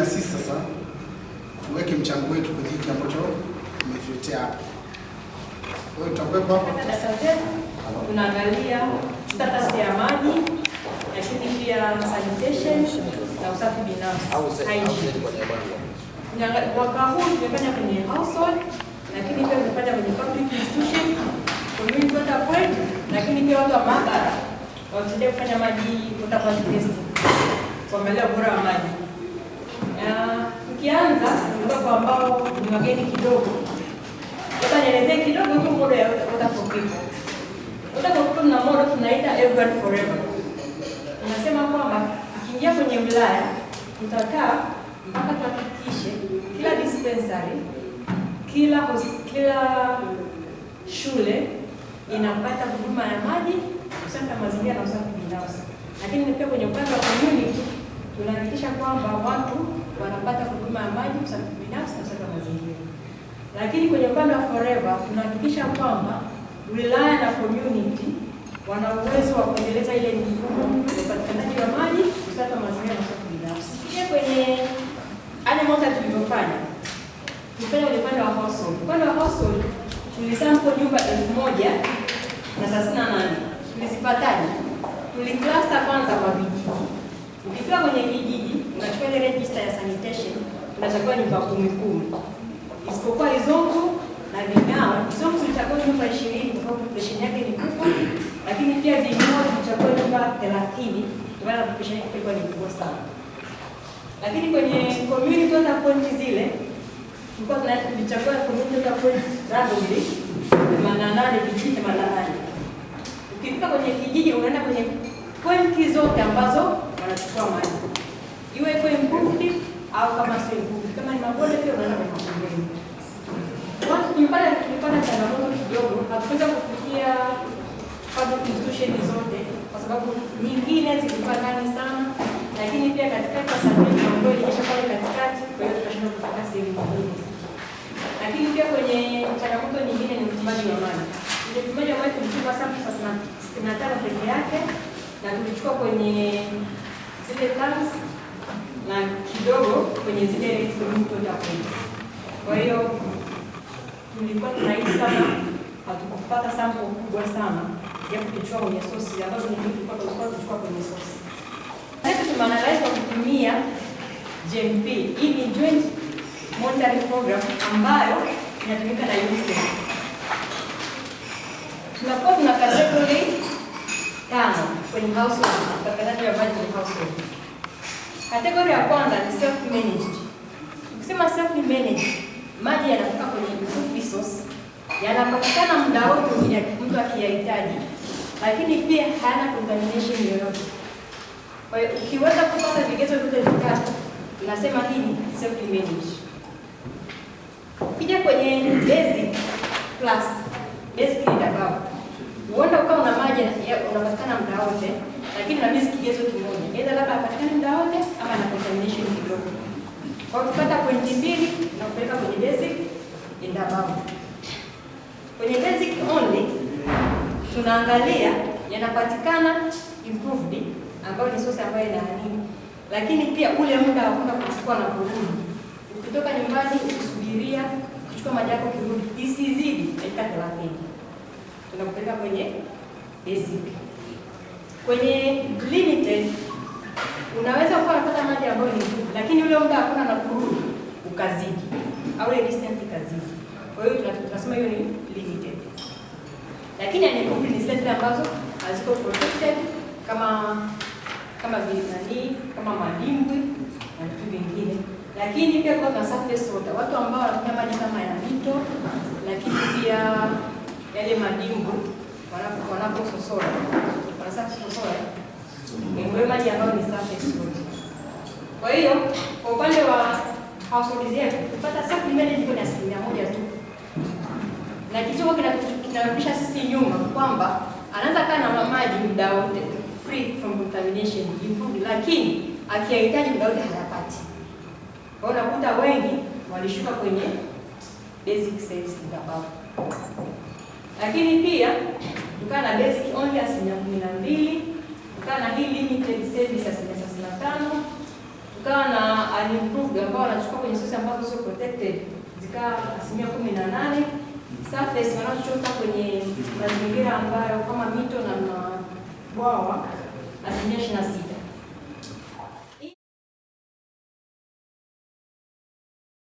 na sisi sasa tuweke mchango wetu kwenye hiki ambacho tumetuletea hapa. Kwa hiyo tutakuwepo hapa, tunaangalia status ya maji, lakini pia sanitation na usafi binafsi. Mwaka huu tumefanya kwenye household, lakini pia tumefanya kwenye public institution, community water point, lakini pia watu wa maabara watusaidie kufanya maji water quality testing, kuangalia ubora wa maji ambao ni wageni kidogo, labda nielezee kidogo tu modo ya Water People. Water People na tunaita everyone forever. Unasema kwamba ukiingia kwenye wilaya utakaa mpaka tuhakikishe kila dispensary, kila kila shule inapata huduma ya maji, usafi wa mazingira na usafi binafsi. Lakini pia kwenye upande wa community tunahakikisha kwamba watu zangu binafsi na usafi mazingira. Lakini kwenye upande wa forever tunahakikisha kwamba wilaya na community wana uwezo wa kuendeleza ile mifumo ya upatikanaji wa maji, usafi wa mazingira na usafi binafsi. Pia kwenye ale moja tulivyofanya tufanya kwenye upande wa household, upande wa household tulisampo nyumba elfu moja na thelathini na nane tulizipataje? Tuliklasta kwanza kwa vijiji, Ukifika kwenye kijiji natakiwa nyumba kumi kumi, isipokuwa Lizongu na Vingawa. Lizongu litakuwa nyumba ishirini kwa sababu pesheni yake ni kubwa, lakini pia Vingawa litakuwa nyumba thelathini kutokana na population yake ilikuwa ni kubwa sana. Lakini kwenye community total point zile tulikuwa tunachagua community total point randomly themanini na nane vijiji themanini na nane ukifika kwenye kijiji unaenda kwenye pointi zote ambazo wanachukua maji au kama sio nguvu, kama ni mabonde pia unaweza kutumia. Watu tulipata tulipata changamoto kidogo, hatuweza kufikia public institution zote kwa sababu nyingine zilikuwa ndani sana, lakini pia katikati kwa sababu ya ambayo ilisha pale katikati, kwa hiyo tukashindwa kufika sehemu kubwa. Lakini pia kwenye changamoto nyingine ni mtumaji wa maji. Ile mtumaji wa maji tulichukua sampuli sitini na tano peke yake na tulichukua kwenye zile tanks na kidogo kwenye zile points. Kwa hiyo tulikuwa tunahisi kama hatukupata sample kubwa sana ya kukichukua kwenye source ambazo tulikuwa tunachukua kwenye source. Sasa tumeanalyze kwa kutumia JMP. Hii ni joint monitoring program ambayo inatumika na UNICEF. Tunakuwa tuna category tano kwenye household, katika ya budget household. Kategoria ya kwanza ni self managed. Ukisema self managed, maji yanatoka kwenye resource yanapatikana muda wote kwa mtu akiyahitaji, lakini pia hayana contamination yoyote. Kwa hiyo ukiweza kupata vigezo vyote vitatu, tunasema hii ni self managed. Ukija kwenye basic plus basic ni above Huenda ukawa una maji unapatikana muda wote, lakini unabidi kigezo kimoja, aidha labda apatikane muda wote ama na contamination kidogo. Kwa kupata pointi mbili na kupeleka kwenye basic and above. Kwenye basic only tunaangalia yanapatikana improved ambayo ni source ambayo ina nini, lakini pia ule muda wa kwenda kuchukua na kurudi, ukitoka nyumbani ukisubiria kuchukua maji yako kirudi isizidi dakika 30 tunakupeleka kwenye basic. Kwenye limited unaweza kuwa unapata maji ambayo ni nzuri, lakini ule muda hakuna na kurudi ukazidi au ile distance ikazidi. Kwa hiyo tunasema hiyo ni limited, lakini anayekomplete ni zile ambazo haziko protected kama kama vilinani kama madimbwi na vitu vingine, lakini pia kuna surface water, watu ambao wanatumia maji kama ya mito, lakini pia yale madimbu wanapososora kusosora eh? ni mwe maji ambayo ni safi sote. Kwa hiyo kwa upande wa household zetu kupata safi mbele iko ni asilimia moja tu, na kichoko kinarudisha sisi nyuma kwamba anaanza kaa na maji muda wote free from contamination improved, lakini akihitaji muda wote hayapati. Kwa hiyo unakuta wengi walishuka kwenye basic sales above lakini pia tukawa na basic only asilimia kumi na mbili tukawa na hii limited service asilimia thelathini na tano tukawa na unimproved ambao wanachukua kwenye sosi ambazo sio protected zikawa asilimia kumi na nane surface wanachota kwenye mazingira ambayo kama mito na mabwawa asilimia ishirini na sita